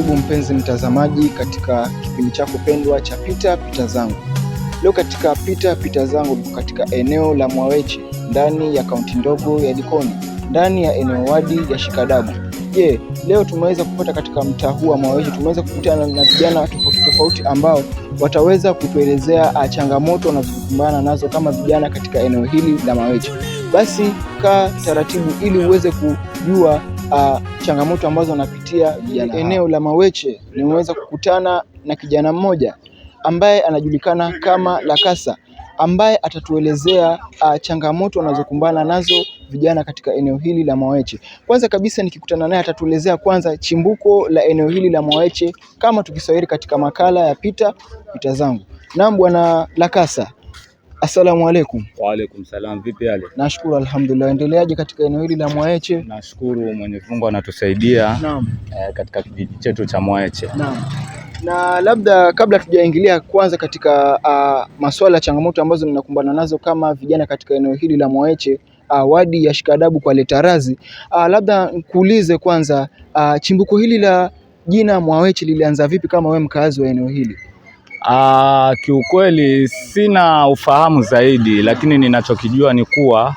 Karibu mpenzi mtazamaji katika kipindi chako pendwa cha pita pita zangu. Leo katika pita pita zangu katika eneo la Mwaweche ndani ya kaunti ndogo ya Likoni ndani ya eneo wadi ya Shikadabu. Je, leo tumeweza kupata katika mtaa huu wa Mwaweche, tumeweza kukutana na vijana tofauti tofauti ambao wataweza kutuelezea ah, changamoto wanazokumbana nazo kama vijana katika eneo hili la Mwaweche. Basi kaa taratibu ili uweze kujua uh, changamoto ambazo anapitia eneo la Maweche, nimeweza kukutana na kijana mmoja ambaye anajulikana kama Lakasa ambaye atatuelezea uh, changamoto anazokumbana nazo vijana katika eneo hili la Maweche. Kwanza kabisa nikikutana naye atatuelezea kwanza chimbuko la eneo hili la Maweche kama tukisawiri katika makala ya pita pita zangu. Naam, bwana Lakasa, Asalamu alaykum. Wa alaykum salam. Vipi hali? Nashukuru alhamdulillah. Endeleaje katika eneo hili la Mwaeche? Nashukuru Mwenyezi Mungu anatusaidia. Naam. Eh, katika kijiji chetu cha Mwaeche. Naam. Na labda kabla tujaingilia kwanza katika uh, ah, masuala ya changamoto ambazo mnakumbana nazo kama vijana katika eneo hili la Mwaeche uh, wadi ya Shikadabu kwa Letarazi uh, labda nikuulize kwanza uh, chimbuko hili la jina Mwaeche lilianza vipi kama we mkaazi wa eneo hili? Aa, ah, kiukweli sina ufahamu zaidi, lakini ninachokijua ni kuwa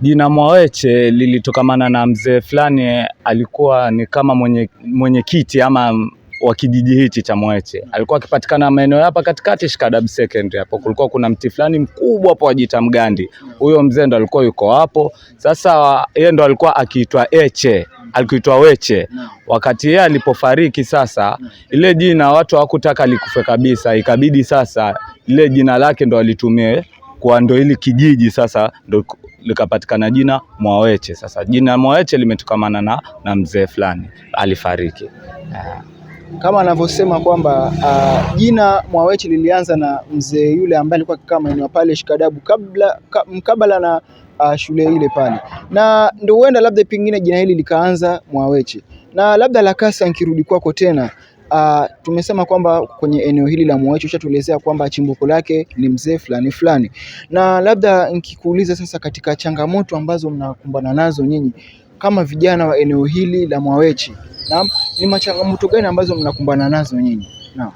jina Mwaweche lilitokamana na mzee fulani, alikuwa ni kama mwenyekiti mwenye ama wa kijiji hichi cha Mwaweche, alikuwa akipatikana maeneo hapa katikati Shikadabu Secondary. Hapo kulikuwa kuna mti fulani mkubwa hapo wajita mgandi, huyo mzee ndo alikuwa yuko hapo. Sasa yeye ndo alikuwa akiitwa Eche alikuitwa Weche na. Wakati yeye alipofariki sasa Ile jina watu hawakutaka likufe kabisa, ikabidi sasa ile jina lake ndo alitumie kwa ndo ili kijiji sasa ndo likapatikana jina Mwaweche. Sasa jina Mwaweche limetokamana na, na mzee fulani alifariki yeah kama anavyosema kwamba uh, jina Mwawechi lilianza na mzee yule ambaye alikuwa akikaa maeneo pale Shikadabu kabla ka, mkabala na uh, shule ile pale, na ndio huenda labda pengine jina hili likaanza Mwawechi na labda Lakasa. Nkirudi kwako tena uh, tumesema kwamba kwenye eneo hili la Mwawechi ushatuelezea kwamba chimbuko lake ni mzee fulani fulani, na labda nkikuuliza sasa, katika changamoto ambazo mnakumbana nazo nyinyi kama vijana wa eneo hili la Mwawechi Naam, ni machangamoto gani ambazo mnakumbana nazo nyinyi? Naam.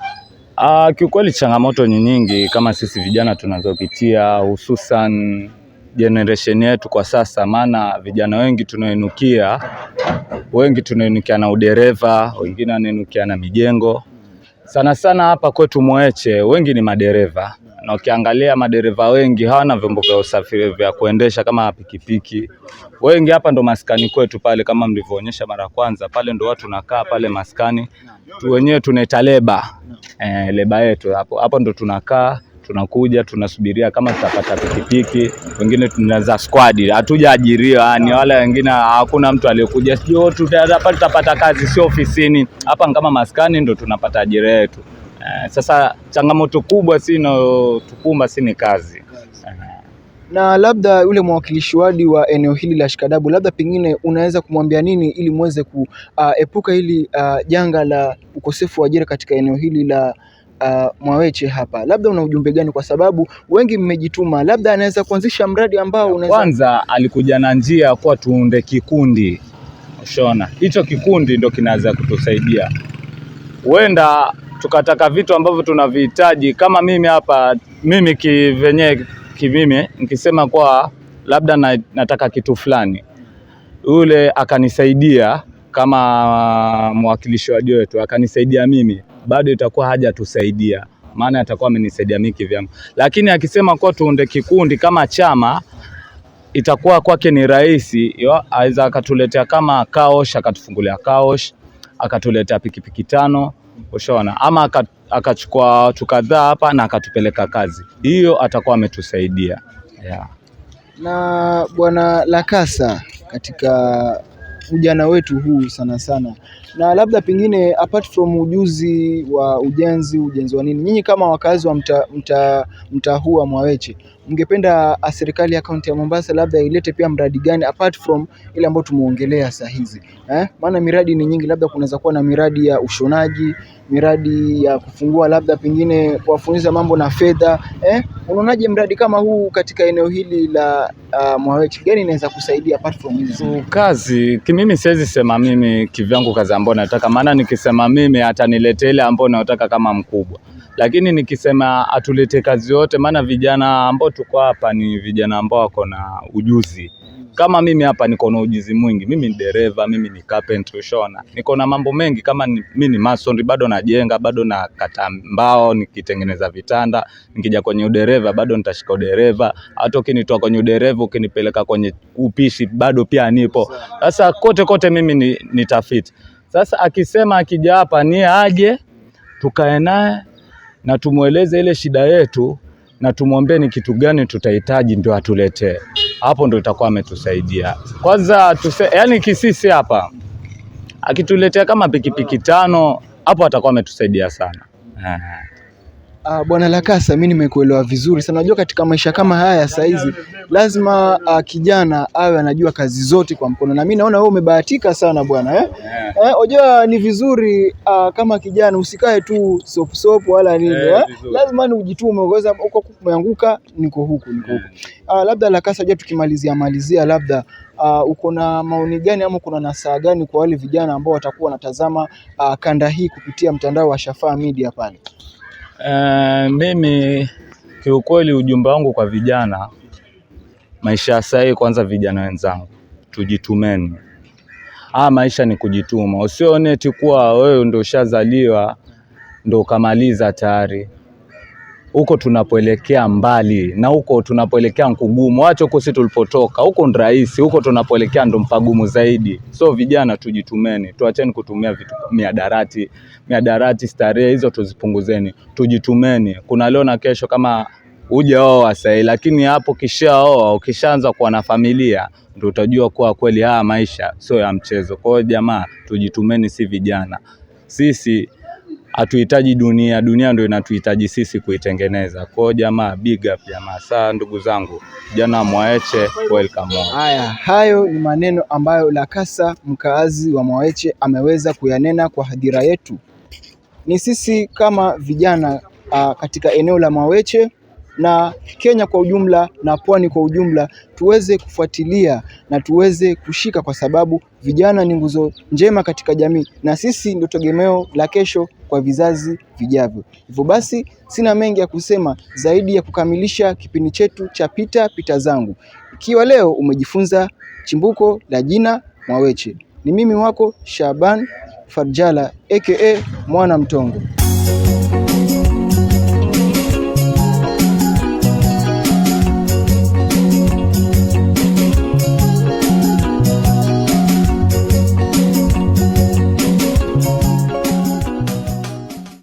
Ah, kiukweli changamoto ni nyingi kama sisi vijana tunazopitia hususan generation yetu kwa sasa, maana vijana wengi tunainukia, wengi tunainukia na udereva, wengine wanainukia na mijengo. Sana sana hapa kwetu mweche wengi ni madereva na ukiangalia madereva wengi hawana vyombo vya usafiri vya kuendesha kama pikipiki. Wengi hapa ndo maskani kwetu pale, kama mlivyoonyesha mara kwanza pale, ndo watu nakaa pale maskani tu, wenyewe tunaita leba e, leba yetu hapo hapo ndo tunakaa tunakuja tunasubiria kama tutapata pikipiki, wengine tunaza squad, hatuja ajiriwa wale wala wengine hakuna mtu aliyokuja, sio, oh, tutapata kazi, sio ofisini hapa, kama maskani ndo tunapata ajira yetu. Eh, sasa changamoto kubwa si inayotukumba si ni kazi na labda yule mwakilishi wadi wa eneo hili la Shikadabu, labda pengine unaweza kumwambia nini ili muweze kuepuka ah, uh, hili uh, janga la ukosefu wa ajira katika eneo hili la uh, Mwaweche hapa, labda una ujumbe gani? Kwa sababu wengi mmejituma, labda anaweza kuanzisha mradi ambao unaweza... Kwanza alikuja na njia ya kuwa tuunde kikundi, ushona hicho kikundi ndo kinaweza kutusaidia huenda tukataka vitu ambavyo tunavihitaji. Kama mimi hapa, mimi kivenye kimimi nikisema kwa labda na, nataka kitu fulani, yule akanisaidia kama mwakilishi wa wetu akanisaidia mimi, bado itakuwa haja tusaidia, maana atakuwa amenisaidia mimi kivyangu. Lakini akisema kwa tuunde kikundi kama chama, itakuwa kwake ni rahisi, aweza akatuletea kama kaosh, akatufungulia kaosh, akatuletea pikipiki tano ushaona, ama akachukua watu kadhaa hapa na akatupeleka kazi, hiyo atakuwa ametusaidia yeah. Na bwana Lakasa katika ujana wetu huu sana sana na labda pengine apart from ujuzi wa ujenzi, ujenzi wa nini, nyinyi kama wakazi wa mtaa mta, mta huu wa Mwaweche mngependa serikali ya kaunti ya Mombasa labda ilete pia mradi gani apart from ile ambayo tumeongelea saa hizi eh? Maana miradi ni nyingi, labda kunaweza kuwa na miradi ya ushonaji, miradi ya kufungua labda pengine kuwafunza mambo na fedha eh? Unaonaje mradi kama huu katika eneo hili la uh, Mwaweche gani inaweza kusaidia apart from hizi kazi? Mimi siwezi sema mimi kivyangu kazi ambao nataka, maana nikisema mimi ataniletea ile ambao nataka kama mkubwa, lakini nikisema atulete kazi yote, maana vijana ambao tuko hapa ni vijana ambao wako na ujuzi kama mimi hapa niko na ujuzi mwingi. Mimi ni dereva, mimi ni carpenter ushona, niko na mambo mengi. Kama ni, mimi ni mason, bado najenga, bado na kata mbao, nikitengeneza vitanda. Nikija kwenye udereva, bado nitashika udereva. Hata ukinitoa kwenye udereva, ukinipeleka kwenye upishi, bado pia nipo. Sasa kote kote mimi ni, ni sasa akisema akija hapa ni aje, tukae naye na tumweleze ile shida yetu na tumwambie ni kitu gani tutahitaji ndio atuletee. Hapo ndio itakuwa ametusaidia kwanza tuse, yani kisisi hapa akituletea kama pikipiki piki tano, hapo atakuwa ametusaidia sana. Uh, Bwana Lakasa, mimi nimekuelewa vizuri sana. Unajua, katika maisha kama haya saa hizi lazima uh, kijana awe anajua kazi zote kwa mkono, na mimi naona wewe umebahatika sana bwana eh? Yeah. Eh, unajua ni vizuri uh, kama kijana usikae tu sop sop wala nini yeah, eh? eh? Lazima ni ujitume ukaweza uko kumeanguka, niko huku niko huku uh, labda Lakasa, je, tukimalizia malizia labda Uh, uko na maoni gani ama kuna nasaha gani kwa wale vijana ambao watakuwa wanatazama uh, kanda hii kupitia mtandao wa Shafaa Media pale? Eh, mimi kiukweli ujumbe wangu kwa vijana, maisha ya sahii, kwanza vijana wenzangu, tujitumeni. Haya maisha ni kujituma, usione eti kuwa wewe ndio ushazaliwa ndio ukamaliza tayari huko tunapoelekea mbali na huko tunapoelekea nkugumu. Wacha huko si tulipotoka, huko ni rahisi, huko tunapoelekea ndo mpagumu zaidi. So vijana, tujitumeni, tuacheni kutumia vitu miadarati, miadarati, starehe hizo tuzipunguzeni, tujitumeni. Kuna leo na kesho, kama hujaoa sahi, lakini hapo kishaoa, ukishaanza kuwa na familia, ndo utajua kuwa kweli haya maisha sio ya mchezo. Kwa hiyo jamaa, tujitumeni, si vijana sisi hatuhitaji dunia, dunia ndio inatuhitaji sisi kuitengeneza. Kwa jamaa, big up jamaa. Saa ndugu zangu, jana Mwaeche, welcome. Haya, hayo ni maneno ambayo Lakasa mkaazi wa Mwaeche ameweza kuyanena kwa hadhira yetu. Ni sisi kama vijana a, ah, katika eneo la Mwaeche na Kenya kwa ujumla na pwani kwa ujumla tuweze kufuatilia na tuweze kushika, kwa sababu vijana ni nguzo njema katika jamii na sisi ndio tegemeo la kesho kwa vizazi vijavyo. Hivyo basi sina mengi ya kusema zaidi ya kukamilisha kipindi chetu cha Pita Pita Zangu. Ikiwa leo umejifunza chimbuko la jina Mwaweche, ni mimi wako Shaban Farjala aka Mwana Mtongo.